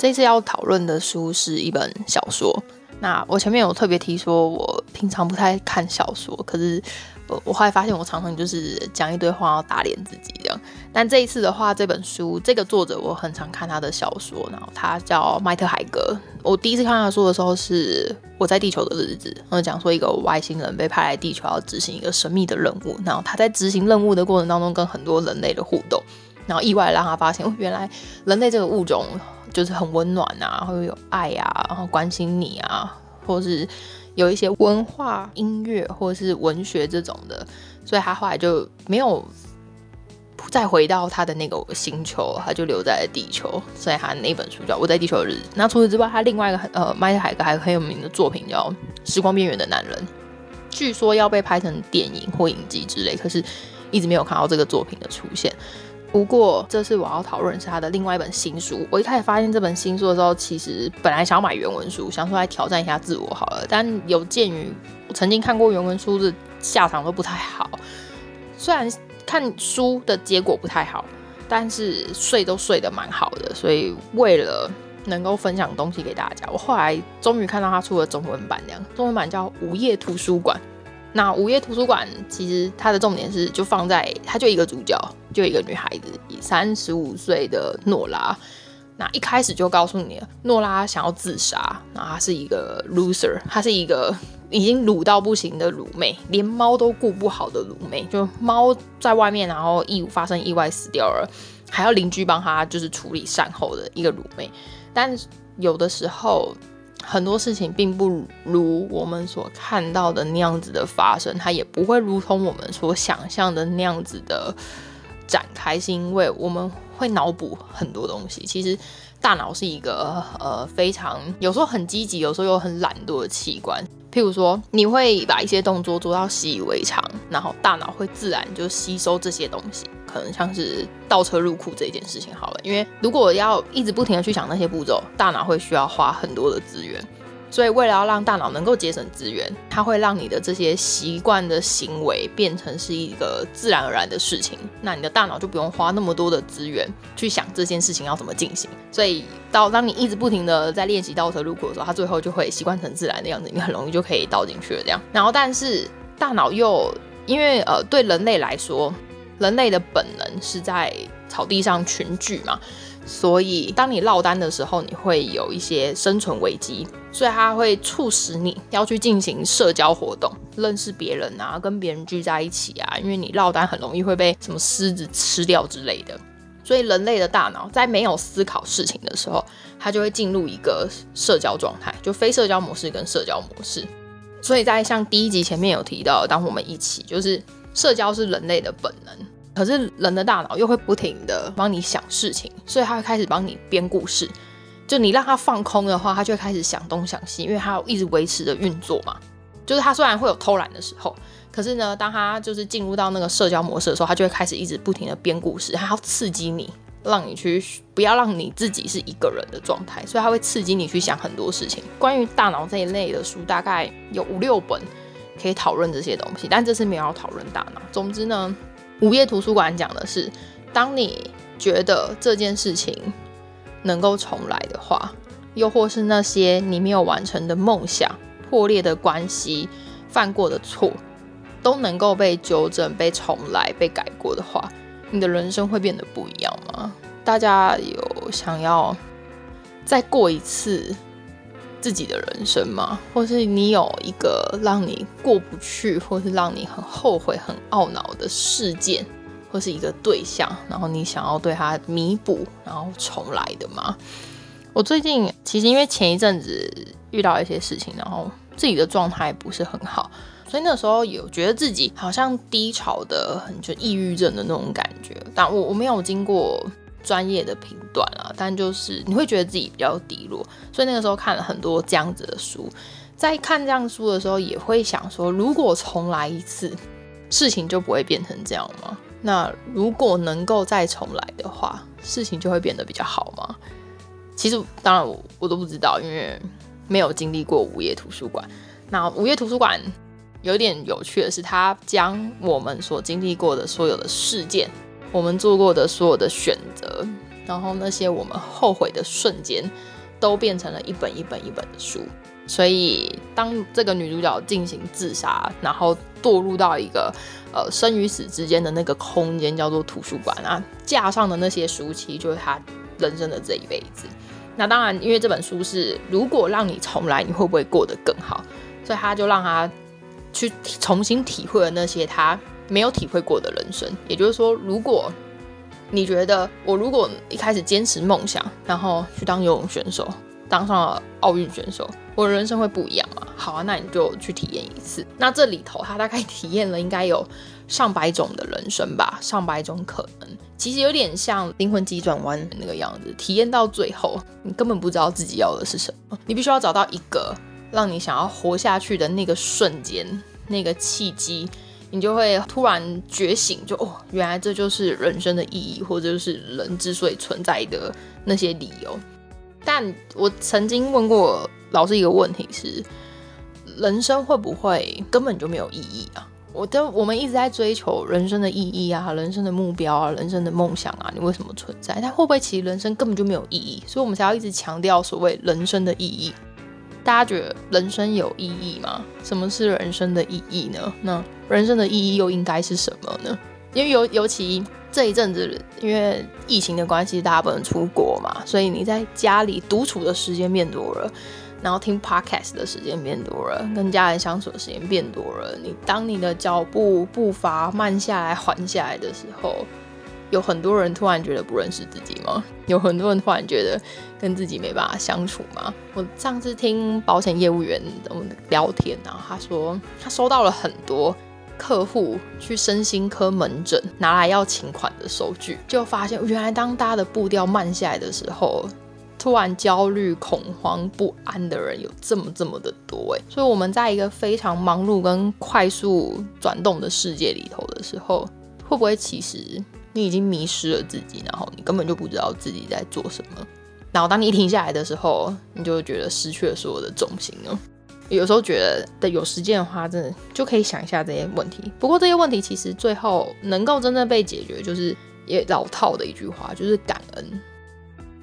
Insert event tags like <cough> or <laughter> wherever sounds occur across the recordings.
這次要討論的書是一本小說。那我前面有特別提說，我平常不太看小說，可是我，我後來發現，我常常就是講一堆話要打臉自己這樣。但這一次的話，這本書這個作者我很常看他的小說，然後他叫麥特海格。我第一次看他的書的時候是我在地球的日子，然後講說一個外星人被派來地球要執行一個神秘的任務，然後他在執行任務的過程當中跟很多人類的互動，然後意外地讓他發現，哦，原來人類這個物種。就是很溫暖啊，然後有愛呀、啊，然後關心你啊，或是有一些文化、音樂或者是文學這種的，所以他後來就沒有不再回到他的那個星球，他就留在了地球。所以他那一本書叫《我在地球的日子》。那除此之外，他另外一個呃麥特海格還很有名的作品叫《時光邊緣的男人》，據說要被拍成電影或影集之類，可是一直沒有看到這個作品的出現。不過，這次我要討論是他的另外一本新書。我一開始發現這本新書的時候，其實本來想要買原文書，想說來挑戰一下自我好了。但有鑑於我曾經看過原文書的下場都不太好，雖然看書的結果不太好，但是睡都睡得蠻好的。所以為了能夠分享東西給大家，我後來終於看到他出了中文版，這樣中文版叫《午夜圖書館》。那午夜圖書館其實它的重點是就放在它就一個主角，就一個女孩子，三十五歲的諾拉。那一開始就告訴你了，諾拉想要自殺，然後她是一個 loser，她是一個已經魯到不行的魯妹，連貓都顧不好的魯妹。就貓在外面，然後意發生意外死掉了，還要鄰居幫她就是處理善後的一個魯妹。但有的時候，很多事情並不如我們所看到的那樣子的發生，它也不會如同我們所想象的那樣子的展開，是因為我們會腦補很多東西。其實，大腦是一個呃非常，有時候很積極，有時候又很懶惰的器官。譬如說，你會把一些動作做到習以為常，然後大腦會自然就吸收這些東西。可能像是倒車入庫這件事情好了，因為如果要一直不停的去想那些步驟，大腦會需要花很多的資源。所以，為了要讓大腦能夠節省資源，它會讓你的這些習慣的行為變成是一個自然而然的事情。那你的大腦就不用花那麼多的資源去想這件事情要怎麼進行。所以，到當你一直不停地在練習倒車入庫的時候，它最後就會習慣成自然的樣子，你很容易就可以倒進去了。這樣，然後，但是大腦又因為呃，對人類來說，人類的本能是在草地上群聚嘛。所以，當你落單的時候，你會有一些生存危機，所以它會促使你要去進行社交活動，認識別人啊，跟別人聚在一起啊，因為你落單很容易會被什麼獅子吃掉之類的。所以，人類的大腦在沒有思考事情的時候，它就會進入一個社交狀態，就非社交模式跟社交模式。所以在像第一集前面有提到，當我們一起，就是社交是人類的本能。可是人的大腦又會不停的幫你想事情，所以他會開始幫你編故事。就你讓他放空的話，他就會開始想東想西，因為他要一直維持着運作嘛。就是他雖然會有偷懶的時候，可是呢，當他就是進入到那個社交模式的時候，他就會開始一直不停的編故事，他要刺激你，讓你去不要讓你自己是一個人的狀態，所以他會刺激你去想很多事情。關於大腦這一類的書，大概有五六本可以討論這些東西，但這次沒有要討論大腦。總之呢。午夜圖書館講的是，當你覺得這件事情能夠重來的話，又或是那些你沒有完成的夢想、破裂的關係、犯過的錯，都能夠被糾正、被重來、被改過的話，你的人生會變得不一樣嗎？大家有想要再過一次？自己的人生嗎？或是你有一個讓你過不去，或是讓你很後悔、很懊惱的事件，或是一個對象，然後你想要對他彌補，然後重來的嗎？我最近其實因為前一陣子遇到一些事情，然後自己的狀態不是很好，所以那時候有覺得自己好像低潮得很，就抑鬱症的那種感覺，但我我沒有經過。專業的片段啊，但就是你會覺得自己比較低落，所以那個時候看了很多這樣子的書，在看這樣書的時候，也會想說，如果重來一次，事情就不會變成這樣嗎？那如果能夠再重來的話，事情就會變得比較好嗎？其實，當然我我都不知道，因爲沒有經歷過午夜圖書館。那午夜圖書館有點有趣的是，它將我們所經歷過的所有的事件。我們做過的所有的選擇，然後那些我們後悔的瞬間，都變成了一本一本一本的書。所以，當這個女主角進行自殺，然後墮入到一個呃生與死之間的那個空間，叫做圖書館啊，架上的那些書其實就是她人生的這一輩子。那當然，因為這本書是如果讓你重來，你會不會過得更好？所以她就讓她去重新體會了那些她。沒有體會過的人生，也就是說，如果你覺得我如果一開始堅持夢想，然後去當游泳選手，當上了奧運選手，我的人生會不一樣嗎？好啊，那你就去體驗一次。那這裡頭他大概體驗了應該有上百種的人生吧，上百種可能，其實有點像靈魂急轉彎那個樣子。體驗到最後，你根本不知道自己要的是什麼，你必須要找到一個讓你想要活下去的那個瞬間，那個契機。你就會突然覺醒，就哦，原來這就是人生的意義，或者就是人之所以存在的那些理由。但我曾經問過老師一個問題是：是人生會不會根本就沒有意義啊？我都我們一直在追求人生的意義啊，人生的目標啊，人生的夢想啊，你為什麼存在？它會不會其實人生根本就沒有意義？所以我們才要一直強調所謂人生的意義。大家覺得人生有意義嗎？什麼是人生的意義呢？那人生的意義又應該是什麼呢？因為尤尤其這一陣子，因為疫情的關係，大家不能出國嘛，所以你在家裡獨處的時間變多了，然後聽 podcast 的時間變多了，跟家人相處的時間變多了。你當你的腳步步伐慢下來、緩下來的時候，有很多人突然覺得不認識自己嗎？有很多人突然覺得跟自己沒辦法相處嗎？我上次聽保險業務員聊天，然後他說他收到了很多客戶去身心科門診拿來要請款的收據，就發現原來當大家的步調慢下來的時候，突然焦慮、恐慌、不安的人有這麼這麼的多欸。所以我們在一個非常忙碌跟快速轉動的世界裡頭的時候，會不會其實？你已經迷失了自己，然後你根本就不知道自己在做什麼。然後當你一停下來的時候，你就覺得失去了所有的重心哦。有時候覺得有時間的話，真的就可以想一下這些問題。不過這些問題其實最後能夠真正被解決，就是也老套的一句話，就是感恩。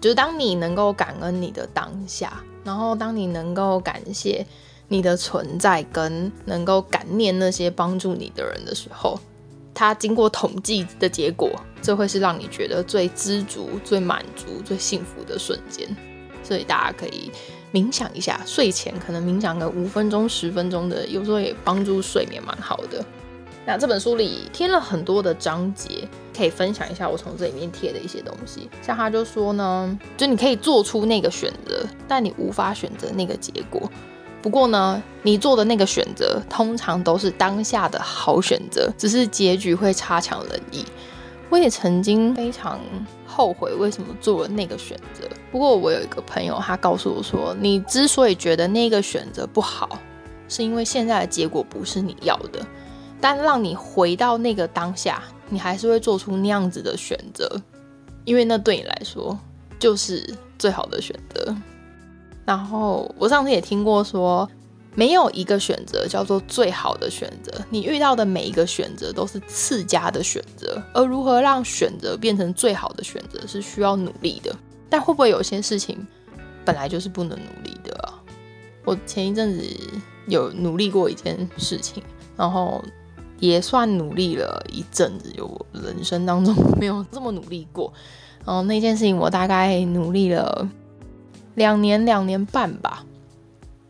就是當你能夠感恩你的當下，然後當你能夠感謝你的存在，跟能夠感念那些幫助你的人的時候。它經過統計的結果，這會是讓你覺得最知足、最滿足、最幸福的瞬間。所以大家可以冥想一下，睡前可能冥想個五分鐘、十分鐘的，有時候也幫助睡眠蠻好的。那這本書裡貼了很多的章節，可以分享一下我從這裡面貼的一些東西。像他就說呢，就你可以做出那個選擇，但你無法選擇那個結果。不過呢，你做的那個選擇通常都是當下的好選擇，只是結局會差強人意。我也曾經非常後悔為什麼做了那個選擇。不過我有一個朋友，他告訴我說，你之所以覺得那個選擇不好，是因為現在的結果不是你要的。但讓你回到那個當下，你還是會做出那樣子的選擇，因為那對你來說就是最好的選擇。然後我上次也聽過說，沒有一個選擇叫做最好的選擇，你遇到的每一個選擇都是次佳的選擇，而如何讓選擇變成最好的選擇是需要努力的。但會不會有些事情本來就是不能努力的啊？我前一陣子有努力過一件事情，然後也算努力了一陣子，就我人生當中沒有這麼努力過。然後那件事情我大概努力了。兩年兩年半吧，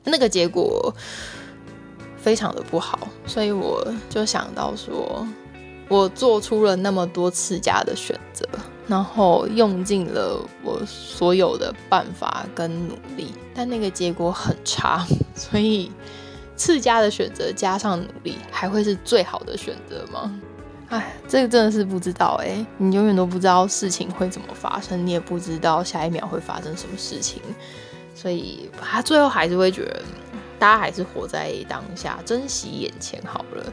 那個結果非常的不好，所以我就想到說，我做出了那麼多次佳的選擇，然後用盡了我所有的辦法跟努力，但那個結果很差，所以次佳的選擇加上努力，還會是最好的選擇嗎？哎，這個真的是不知道哎、欸，你永遠都不知道事情會怎麼發生，你也不知道下一秒會發生什麼事情，所以他最後還是會覺得，大家還是活在當下，珍惜眼前好了。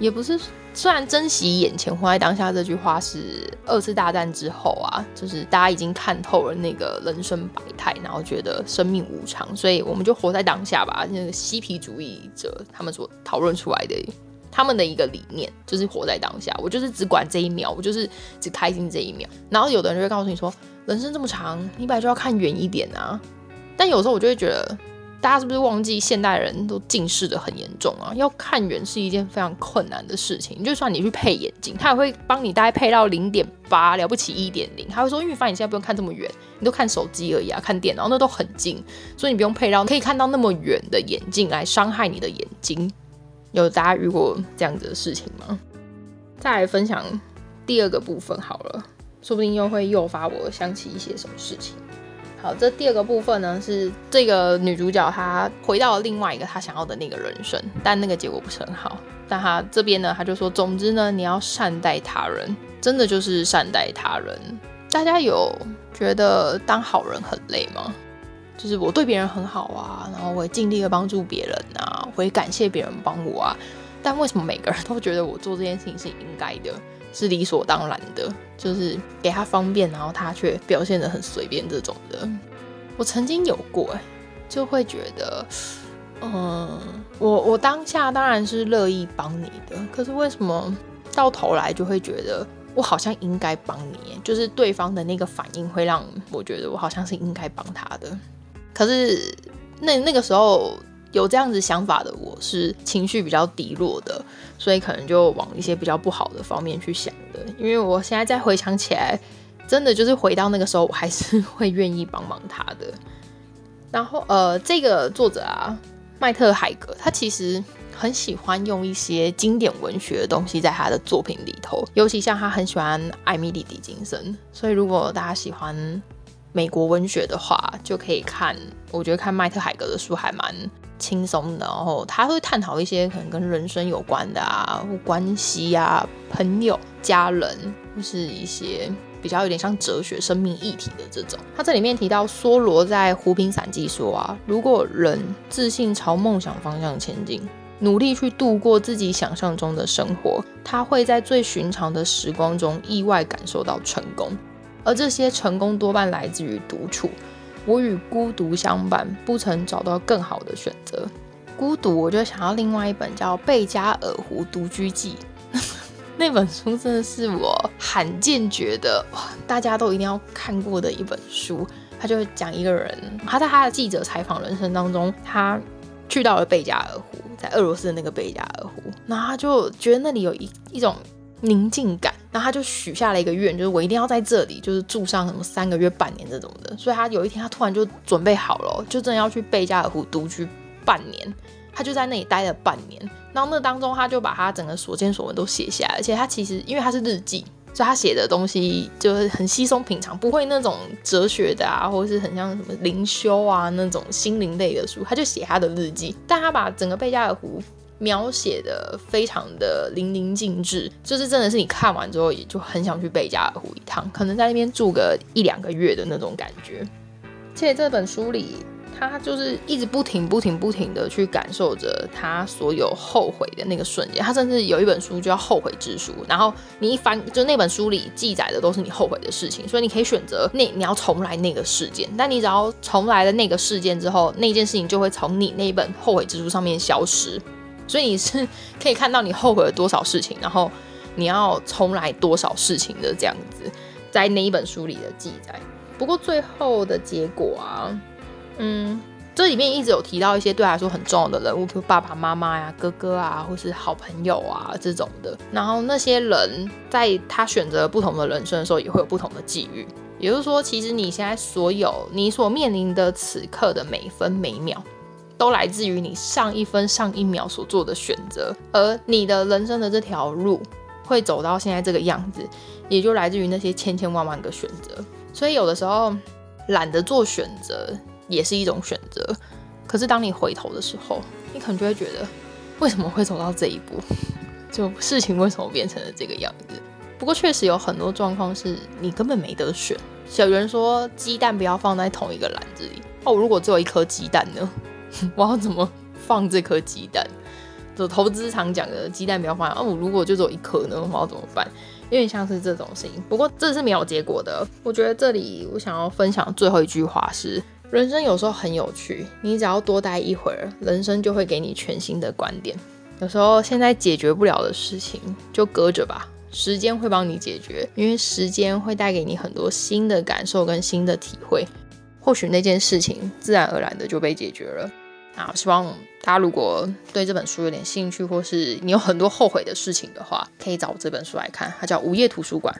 也不是，雖然珍惜眼前，活在當下這句話是二次大戰之後啊，就是大家已經看透了那個人生百態，然後覺得生命無常，所以我們就活在當下吧。那個嬉皮主義者他們所討論出來的、欸。他們的一個理念就是活在當下，我就是只管這一秒，我就是只開心這一秒。然後有的人就會告訴你說，人生這麼長，你本來就要看遠一點啊。但有時候我就會覺得，大家是不是忘記現代人都近視的很嚴重啊？要看遠是一件非常困難的事情。就算你去配眼鏡，他也會幫你大概配到零點八，了不起一點零，他會說，因為反正你現在不用看這麼遠，你都看手機而已啊，看電腦那都很近，所以你不用配到可以看到那麼遠的眼鏡來傷害你的眼睛。有大家遇過這樣子的事情嗎？再來分享第二個部分好了，說不定又會誘發我想起一些什麼事情。好，這第二個部分呢是這個女主角她回到了另外一個她想要的那個人生，但那個結果不是很好。但她這邊呢，她就說：“總之呢，你要善待他人，真的就是善待他人。”大家有覺得當好人很累嗎？就是我對別人很好啊，然後我也盡力地幫助別人啊，我也感謝別人幫我啊。但為什麼每個人都覺得我做這件事情是應該的，是理所當然的？就是給他方便，然後他卻表現得很隨便這種的。我曾經有過、欸，就會覺得，嗯，我我當下當然是樂意幫你的，可是為什麼到頭來就會覺得我好像應該幫你？就是對方的那個反應會讓我覺得我好像是應該幫他的。可是，那那個時候有這樣子想法的我是情緒比較低落的，所以可能就往一些比較不好的方面去想的。因為我現在再回想起來，真的就是回到那個時候，我還是會願意幫忙他的。然後，呃，這個作者啊，麥特海格，他其實很喜歡用一些經典文學的東西在他的作品裡頭，尤其像他很喜歡《艾米莉狄金生》，所以如果大家喜歡。美國文學的話，就可以看，我覺得看麥特海格的書還蠻輕鬆的。然後他會探討一些可能跟人生有關的啊，關係啊，朋友、家人，或、就是一些比較有點像哲學、生命議題的這種。他這裡面提到梭羅在《湖濱散記》說啊，如果人自信朝夢想方向前進，努力去度過自己想象中的生活，他會在最尋常的時光中意外感受到成功。而這些成功多半來自於獨處。我與孤獨相伴，不曾找到更好的選擇。孤獨，我就想要另外一本叫《貝加爾湖獨居記》。 <laughs> 那本書真的是我罕見覺得，大家都一定要看過的一本書。他就會講一個人，他在他的記者採訪人生當中，他去到了貝加爾湖，在俄羅斯的那個貝加爾湖，那他就覺得那裡有一一種寧靜感。然後他就許下了一個願，就是我一定要在這裡，就是住上什麼三個月、半年這種的。所以他有一天，他突然就準備好了，哦，就真的要去貝加爾湖獨居半年。他就在那裡待了半年。然後那當中，他就把他整個所見所聞都寫下來。而且他其實因為他是日記，所以他寫的東西就是很稀鬆平常，不會那種哲學的啊，或是很像什麼靈修啊那種心靈類的書。他就寫他的日記。但他把整個貝加爾湖，描寫的非常的淋漓盡致，就是真的是你看完之後也就很想去貝加爾湖一趟，可能在那邊住個一兩個月的那種感覺。且這本書裡，他就是一直不停不停不停的去感受着他所有後悔的那個瞬間。他甚至有一本書叫《後悔之書》，然後你一翻，就那本書裡記載的都是你後悔的事情。所以你可以選擇那你要重來那個事件，但你只要重來了那個事件之後，那件事情就會從你那一本後悔之書上面消失。所以你是可以看到你後悔了多少事情，然後你要重來多少事情的這樣子，在那一本書裡的記載。不過最後的結果啊，嗯，這裡面一直有提到一些對他來說很重要的人物，比如爸爸媽媽呀、哥哥啊，或是好朋友啊這種的。然後那些人在他選擇不同的人生的時候，也會有不同的際遇。也就是說，其實你現在所有你所面臨的此刻的每分每秒，都來自於你上一分、上一秒所做的選擇，而你的人生的這條路會走到現在這個樣子，也就來自於那些千千萬萬個選擇。所以有的時候懶得做選擇也是一種選擇。可是當你回頭的時候，你可能就會覺得為什麼會走到這一步？就事情為什麼變成了這個樣子？不過確實有很多狀況是你根本沒得選。小圓說：“雞蛋不要放在同一個籃子裡。”哦，如果只有一顆雞蛋呢？我要怎麼放這顆雞蛋？就投資場講的雞蛋不要放。哦、啊，我如果就只有一顆呢，我要怎麼辦？因為像是這種聲音。不過這是沒有結果的。我覺得這裡我想要分享的最後一句話是：人生有時候很有趣，你只要多待一會兒，人生就會給你全新的觀點。有時候現在解決不了的事情就擱着吧，時間會幫你解決，因為時間會帶給你很多新的感受跟新的體會。或許那件事情自然而然的就被解決了。啊，希望大家如果對這本書有點興趣，或是你有很多後悔的事情的話，可以找我這本書來看。它叫《午夜圖書館》。